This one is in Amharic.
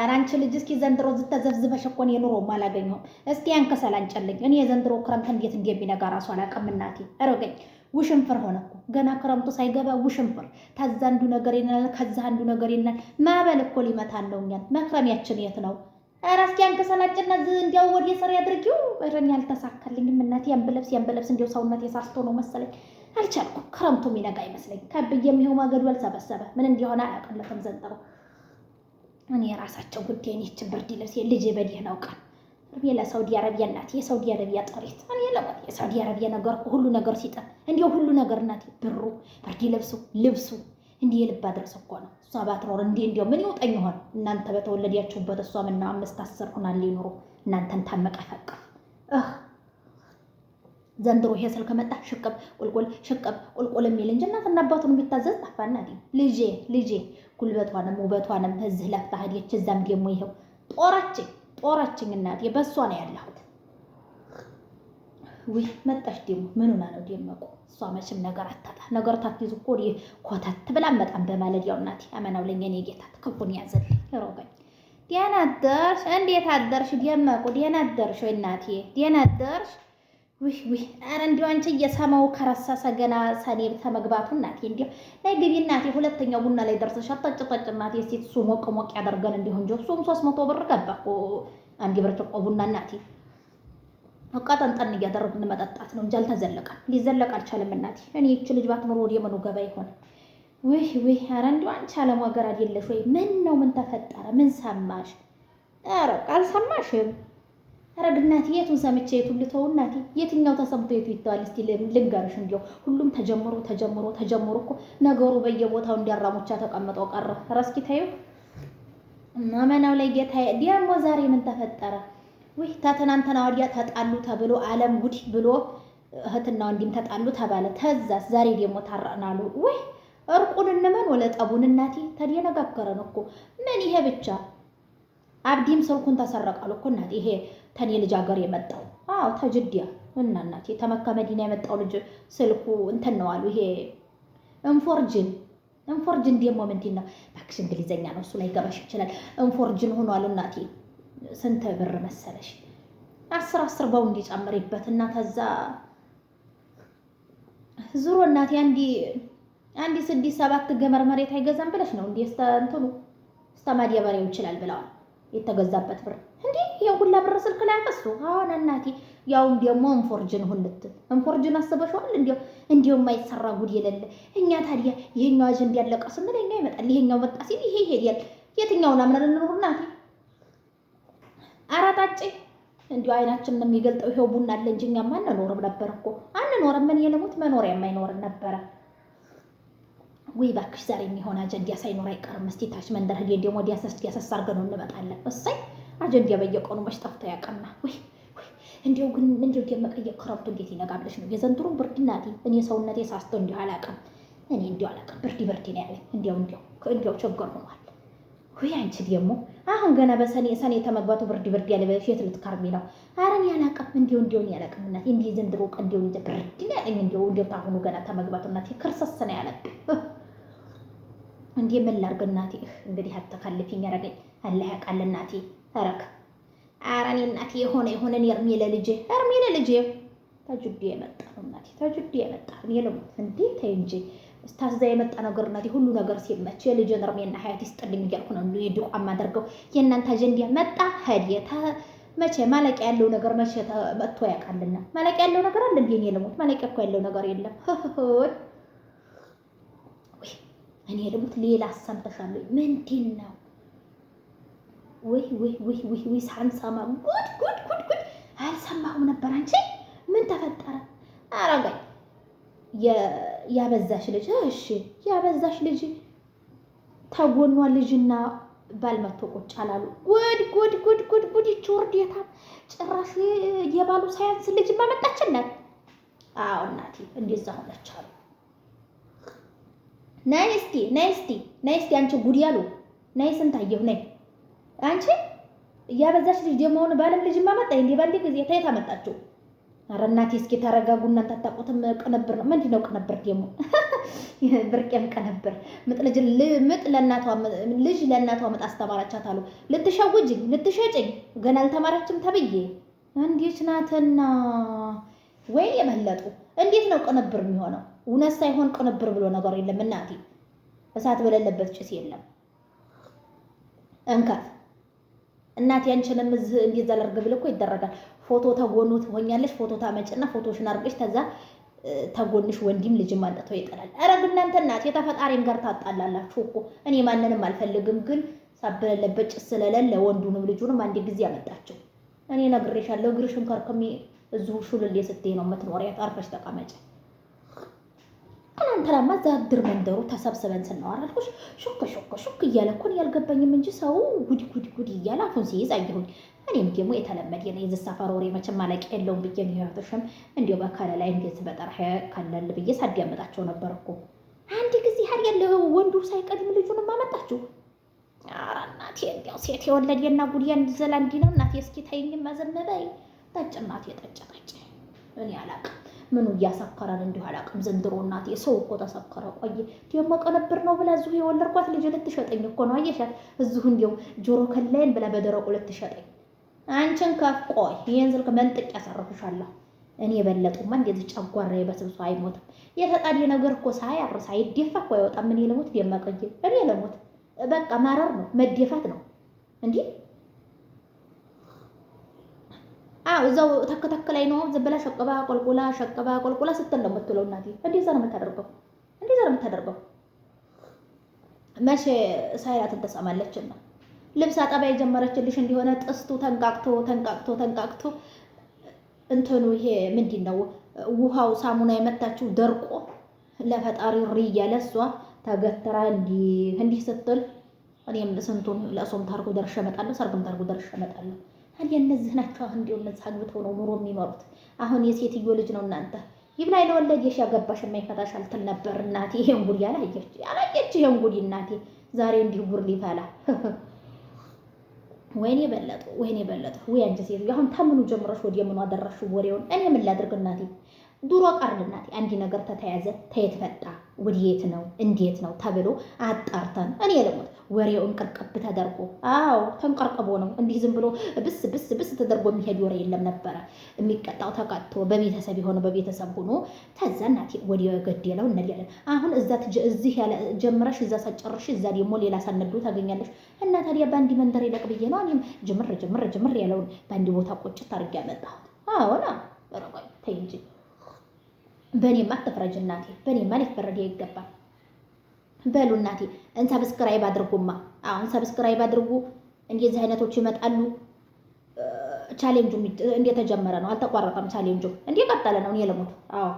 ኧረ አንቺ ልጅ እስኪ ዘንድሮ ዝተዘብዝበሽ እኮ እኔ ኑሮም አላገኘሁም። እስቲ ያንከሰል አንጨልኝ። እኔ የዘንድሮ ክረምት እንዴት እንደሚነጋ ራሱ አላውቅም። እናቴ ረገኝ ውሽንፍር ሆነ እኮ ገና ክረምቱ ሳይገባ ውሽንፍር። ታዛ አንዱ ነገር ይናል፣ ከዛ አንዱ ነገር ይናል። ማዕበል እኮ ሊመታን ነው እኛን። መክረሚያችን የት ነው? ኧረ እስኪ ዝ እንዲያው ወደ ስር ያድርጊው። ረን ያልተሳካልኝም እናቴ። ያንብለብስ ያንብለብስ እንዲያው ሰውነት የሳስቶ ነው መሰለኝ አልቻልኩም። ክረምቱ የሚነጋ ይመስለኝ ከብዬ የሚሆን ማገዱ ያልሰበሰበ ምን እንዲሆን አላውቅለትም ዘንጠሩ እኔ የራሳቸው ጉዳይ እኔ ይህችን ብርድ ልብስ ልጅ በዲህ ነው ቃል እኔ ለሳውዲ አረቢያ እናቴ የሳውዲ አረቢያ ጥሪት እኔ ለማት የሳውዲ አረቢያ ነገር ሁሉ ነገር ሲጠር እንዲሁ ሁሉ ነገር እናቴ ብሩ፣ ብርድ ልብሱ፣ ልብሱ እንዲህ የልባ ድረስ እኮ ነው። እሷ ባትኖር እንዲህ እንዲያው ምን ይውጠኝ ይሆን እናንተ በተወለዳችሁበት እሷ ምና አምስት አስር ሁናል ሊኖሩ እናንተን ታመቀፈቅፍ ዘንድሮ ይሄ ስልክ መጣ ሽቅብ ቁልቁል ሽቅብ ቁልቁል የሚል እንጂ እናትና አባቱን የሚታዘዝ ጠፋና። ልጄ ልጄ ጉልበቷንም ውበቷንም እዚህ ለፍታ ሄደች፣ እዛም ደግሞ ይኸው ጦረችኝ ጦረችኝ እናቴ በሷ ነው ያለሁት። ውይ መጣሽ ደግሞ ምኑና ነው ደመቁ? እሷ መቼም ነገር አታጣ ነገር ታትይዙ እኮ ወዲህ ኮተት ብላም መጣም በማለድ ያው እናቴ አመናው ለኛ ነው ጌታ ክፉን ያዘልኝ ይሮገኝ። ደህና አደርሽ እንዴት አደርሽ ደመቁ? ደህና አደርሽ ወይ እናቴ ደህና አደርሽ ውይ ውይ፣ ኧረ እንዲያው አንቺ እየሰማው ከረሳሰ ገና ሰኔ ተመግባቱ እናቴ፣ እንዲያው ላይ ግቢ እናቴ፣ ሁለተኛው ቡና ላይ ደርሰሽ አጠጭ ጠጭ እናቴ። እስኪ እሱ ሞቅ ሞቅ ያደርገን እንዲሁ እንጂ እሱም ሦስት መቶ ብር ገባ እኮ አንድ ብርጭቆ ቡና እናቴ። በቃ ጠንጠን እያደረግን መጠጣት ነው እንጂ አልተዘለቀም፣ ሊዘለቅ አልቻለም እናቴ። እኔ ይቺ ልጅ ባትኖር ወደ የመኑ ገባ ይሆን? ውይ ውይ፣ ኧረ እንዲያው አንቺ ዓለም ሀገር አይደለሽ ወይ? ምን ነው ምን ተፈጠረ? ምን ሰማሽ? ኧረ አልሰማሽም ረግ እናቴ የቱን ሰምቼ የቱን ልተው እናቴ? የትኛው ተሰምቶ የቱ ይተዋል? እስቲ ልንገርሽ፣ እንዲያው ሁሉም ተጀምሮ ተጀምሮ ተጀምሮ እኮ ነገሩ በየቦታው እንዲያራሙቻ ተቀምጠው ቀረ። ረስኪ ታዩ ማመናው ላይ ጌታ ዲያሞ ዛሬ ምን ተፈጠረ? ውይ ተትናንትና ወዲያ ተጣሉ ተብሎ ዓለም ጉድ ብሎ እህትና ወንድም ተጣሉ ተባለ። ተዛስ ዛሬ ደግሞ ታረቅናሉ። ውይ እርቁን እንመን ወለጠቡን እናቴ ተደነጋገረን እኮ ምን ይሄ ብቻ አብዲም ስልኩን ተሰረቃል እኮ እናቴ። ይሄ ተኔ ልጅ ሀገር የመጣው አዎ፣ ተጅድያ እና እናቴ ተመካ መዲና የመጣው ልጅ ስልኩ እንትን ነው አሉ። ይሄ እንፎርጅን እንፎርጅን ደግሞ ምንድን ነው እባክሽ? እንግሊዘኛ ነው እሱ ላይ ገባሽ ይችላል። እንፎርጅን ሆኗል እናቴ። ስንት ብር መሰለሽ? አስር አስር በው እንዲጨምርበት እና ተዛ ዙሮ እናቴ አንዲ አንዲ ስድስት ሰባት ገመር መሬት አይገዛም ብለሽ ነው እንዴ? ስተንትኑ እንትኑ እስተ ይችላል ብለዋል። የተገዛበት ብር እንዴ! ይሄን ሁላ ብር ስልክ ላይ አፈሱ። አሁን እናቴ ያው ደግሞ እንፎርጅን ሁንት እንፎርጅን አስበሽዋል። እንዲያው እንዲያው የማይሰራ ጉድ የሌለ እኛ ታዲያ ይሄኛው አጀንዳ ያለቀ ስንል እኛ ይመጣል፣ ይሄኛው መጣ ሲል ይሄ ይሄዳል። የትኛውን አምነን እንኑር እናቴ? አራጣጭ እንዲሁ አይናችን የሚገልጠው ይሄው ቡና አለ እንጂ እኛማ አንኖርም ነበር እኮ አንኖርም። ምን የለሙት መኖሪያ የማይኖርን ነበረ። ወይ ባክሽ ዛሬ የሚሆን አጀንዳ ሳይኖር አይቀርም። እስቲ ታች መንደር ህዴ ደግሞ ዲያሰስ ዲያሰስ አድርገን እንመጣለን። እሰይ አጀንዳ በየቀኑ መች ጠፍታ ያቀና ወይ እንዲው ግን እንዲው የመቀየቅ ክረምቱ እንዴት ይነጋብለሽ ነው የዘንድሮ ብርድ እናቴ። እኔ ሰውነቴ ሳስቶ እንዲሁ አላውቅም። እኔ እንዲሁ አላውቅም። ብርድ ብርድ ነው ያለኝ። እንዲው እንዲው እንዲው ቸገር ሆኗል። ወይ አንቺ ደግሞ አሁን ገና በሰኔ ሰኔ ተመግባቱ ብርድ ብርድ ያለ በፊት ልትከርሚ ነው። ኧረ እኔ አላውቅም። እንዲው እንዲው ነው ያለቅም እናቴ። እንዲህ ዘንድሮ ቀን እንዲው ብርድ ነው ያለኝ። እንዲው እንዲው ታሁኑ ገና ተመግባቱ እናቴ ክርሰስ ነው ያለብኝ። እንዴ ምን ላድርግ እናቴ? እንግዲህ አተካልፊኝ ያረገኝ አላህ ያውቃል እናቴ። ተረክ አራኔ እናቴ የሆነ የሆነ እርሜ ለልጄ እርሜ ለልጄ ታጁዲ የመጣ ነው እናቴ ታጁዲ የመጣ ነው ልሙት እንዴ ተይ እንጂ ስታዛ የመጣ ነገር እናቴ ሁሉ ነገር ሲመች የልጄን እርሜና ሀያት ይስጥልኝ እያልኩ ነው እንዴ ድቋ ማደርገው። የእናንተ አጀንዳ መጣ ሄድ የታ መቼ ማለቂያ ያለው ነገር መቼ መጥቶ ያውቃልና ማለቂያ ያለው ነገር አለ እንዴ? እኔ ልሙት ማለቂያ እኮ ያለው ነገር የለም። እኔ ደግሞ ሌላ አሰምተሻለሁ። ምንድን ነው ወይ ወይ ወይ ወይ ወይ ሳንሰማ ጉድ ጉድ ጉድ ጉድ አልሰማሁም ነበር። አንቺ ምን ተፈጠረ? አረጋይ ያበዛሽ ልጅ እሺ፣ ያበዛሽ ልጅ ተጎኗ ልጅና ባል መቶ ቁጭ አላሉ። ጉድ ጉድ ጉድ ጉድ ጉድ ይቺ ውርዴታ ጭራሽ የባሉ ሳያንስ ልጅ ማመጣችን ነው። አዎ እናቴ እንደዛ ሆነች አሉ ነይ እስቲ ነይ እስቲ ነይ እስቲ አንቺ ጉድ ያሉ ነይ ስንታየሁ ነይ አንቺ እያበዛሽ ልጅ የመሆን ባለም ልጅ ማመጣ እንዴ ባንዴ ጊዜ ታየት አመጣችሁ። ኧረ እናቴ እስኪ ተረጋጉ እናንተ አታውቁትም። ቅንብር ነው ምንድን ነው ቅንብር? ደግሞ ብርቄም ቅንብር ምጥ ልጅ ምጥ ለእናቷ ልጅ ለእናቷ ምጥ አስተማራቻት አሉ። ልትሸውጅኝ ልትሸጭኝ ገና አልተማራችም ተብዬ እንዴት ናትና ወይ የመለጡ እንዴት ነው ቅንብር የሚሆነው? እውነት ሳይሆን ቅንብር ብሎ ነገር የለም እናቴ። እሳት በሌለበት ጭስ የለም። እንከፍ እናቴ አንቺንም እዚህ እንዴት ዘለርግ ብል እኮ ይደረጋል። ፎቶ ተጎኑ ትሆኛለሽ። ፎቶ ታመጭና ፎቶሽን አድርገሽ ተዛ ተጎንሽ ወንድም ልጅም አምጥቶ ይጥላል። ኧረ ግን እናንተ እናቴ ተፈጣሪም ጋር ታጣላላችሁ እኮ። እኔ ማንንም አልፈልግም፣ ግን ሳበለለበት ጭስ ስለሌለ ወንዱንም ልጁንም አንድ ጊዜ አመጣቸው። እኔ ነግሬሻለሁ፣ እግርሽን ከርክሜ እዚሁ ሹልሌ ስትይ ነው የምትኖሪያ። አርፈሽ ተቀመጭ። ትናንትናማ እዛ ድር መንደሩ ተሰብስበን ስናወራ አልኩሽ። ሹክ ሹክ ሹክ እያለ እኮ እኔ ያልገባኝም እንጂ ሰው ጉድ ጉድ ጉድ እያለ አፉን ሲይዝ አየሁኝ። እኔም ደግሞ የተለመደ ነው የዚህ ሰፈር ወሬ መቼም ማለቂያ የለውም ብዬ ነው ያቶሽም እንዲያው በከለላ እንዴት በጠርሐ ከለል ብዬ ሳዳምጣቸው ነበር እኮ አንድ ጊዜ ሀር ያለ ወንዱ ሳይቀድም ልጁንም አመጣችሁ። ኧረ እናቴ እንዲያው ሴት የወለደና ጉድ ያን ዘላንዲ ነው እናቴ። እስኪ ተይኝማ ዝም ጠጭ እናቴ ጠጭ ጠጭ። እኔ አላቅም ምኑ እያሰከረን እንዲሁ አላቅም። ዘንድሮ እናቴ ሰው እኮ ተሰከረ። ቆየ ደግሞ ነበር ነው ብላ እዚሁ የወለድኳት ልጅ ልትሸጠኝ እኮ ነው። አየሻት እዚሁ እንዲሁ ጆሮ ከላይን ብላ በደረቁ ልትሸጠኝ። አንቺን ከፍ ቆይ፣ ይህን ስልክ መንጥቅ ያሳርፍሻለሁ። እኔ የበለጡማ እንደዚህ ጨጓራ በስብሶ አይሞትም። የተጣዲ ነገር እኮ ሳያርስ አይደፋ እኮ አይወጣም። እኔ ለሞት ደማቀየ እኔ ለሞት በቃ ማረር ነው መደፋት ነው እንዲህ አዎ እዛው ተክተክ ላይ ነው። ዝም ብላ ሸቅባ ቆልቁላ ሸቅባ ቆልቁላ ስትል ነው የምትለው እናቴ እንደዛ ነው የምታደርገው፣ እንደዛ ነው የምታደርገው። መቼ ሳይላትን ተሰማለች ነው ልብስ አጠባ የጀመረችልሽ እንዲሆነ ጥስቱ ተንቃቅቶ ተንቃቅቶ ተንቃቅቶ እንትኑ ይሄ ምንድን ነው ውሃው ሳሙና የመታችው ደርቆ ለፈጣሪ ሪ እያለ እሷ ተገትራ እንዲህ ስትል እኔም ስንቱን ለእሱም ታርጎ ደርሼ እመጣለሁ፣ ሰርግም ታርጎ ደርሼ እመጣለሁ። ታዲያ እነዚህ ናቸው አሁን እንዲሁ እነዚህ አግብተው ነው ኑሮ የሚመሩት። አሁን የሴትዮ ልጅ ነው እናንተ ይብላይ ለወለጌሽ ያገባሽ የማይፈታሽ አልትል ነበር እናቴ። ይሄን ጉድ ያላየች ያላየች ይሄን ጉድ እናቴ ዛሬ እንዲሁ ጉድ ሊፈላ ወይኔ በለጠ ወይኔ በለጠ ወይ አንቺ ሴትዮ አሁን ታምኑ ጀምረሽ ወዲያ ምኑ አደረሽው ወሬውን እኔ ምን ላድርግ እናቴ ዱሮ ቀርልናት አንድ ነገር ተተያዘ ተየት ፈጣ ወዴት ነው እንዴት ነው ተብሎ አጣርተን እኔ ልሞት ወሬው እንቅርቅብ ተደርጎ አዎ ተንቀርቅቦ ነው እንዲህ ዝም ብሎ ብስ ብስ ብስ ተደርጎ የሚሄድ ወሬ የለም ነበረ የሚቀጣው ተቀጥቶ በቤተሰብ የሆነ በቤተሰብ ሆኖ ተዛ እናቴ ወዲያው ገደለው እንዲያለን አሁን እዛ እዚህ ያለ ጀምረሽ እዛ ሳጨርሽ እዛ ደግሞ ሌላ ሳነዱ ታገኛለሽ እና ታዲያ በአንድ መንደር ይለቅ ብዬ ነው እኔም ጅምር ጅምር ጅምር ያለውን በአንድ ቦታ ቆጭት አድርጌ ያመጣሁት አዎና ተይ እንጂ በእኔማ አትፍረጅ እናቴ፣ በእኔማ ሊፈረድ ይገባል። በሉ እናቴ እንሳ ሰብስክራይብ አድርጉማ። አሁን ሰብስክራይብ አድርጉ። እንደዚህ አይነቶቹ ይመጣሉ። ቻሌንጁ እንደተጀመረ ነው፣ አልተቋረጠም። ቻሌንጁ እንደቀጠለ ነው። እኔ ልሙት። አዎ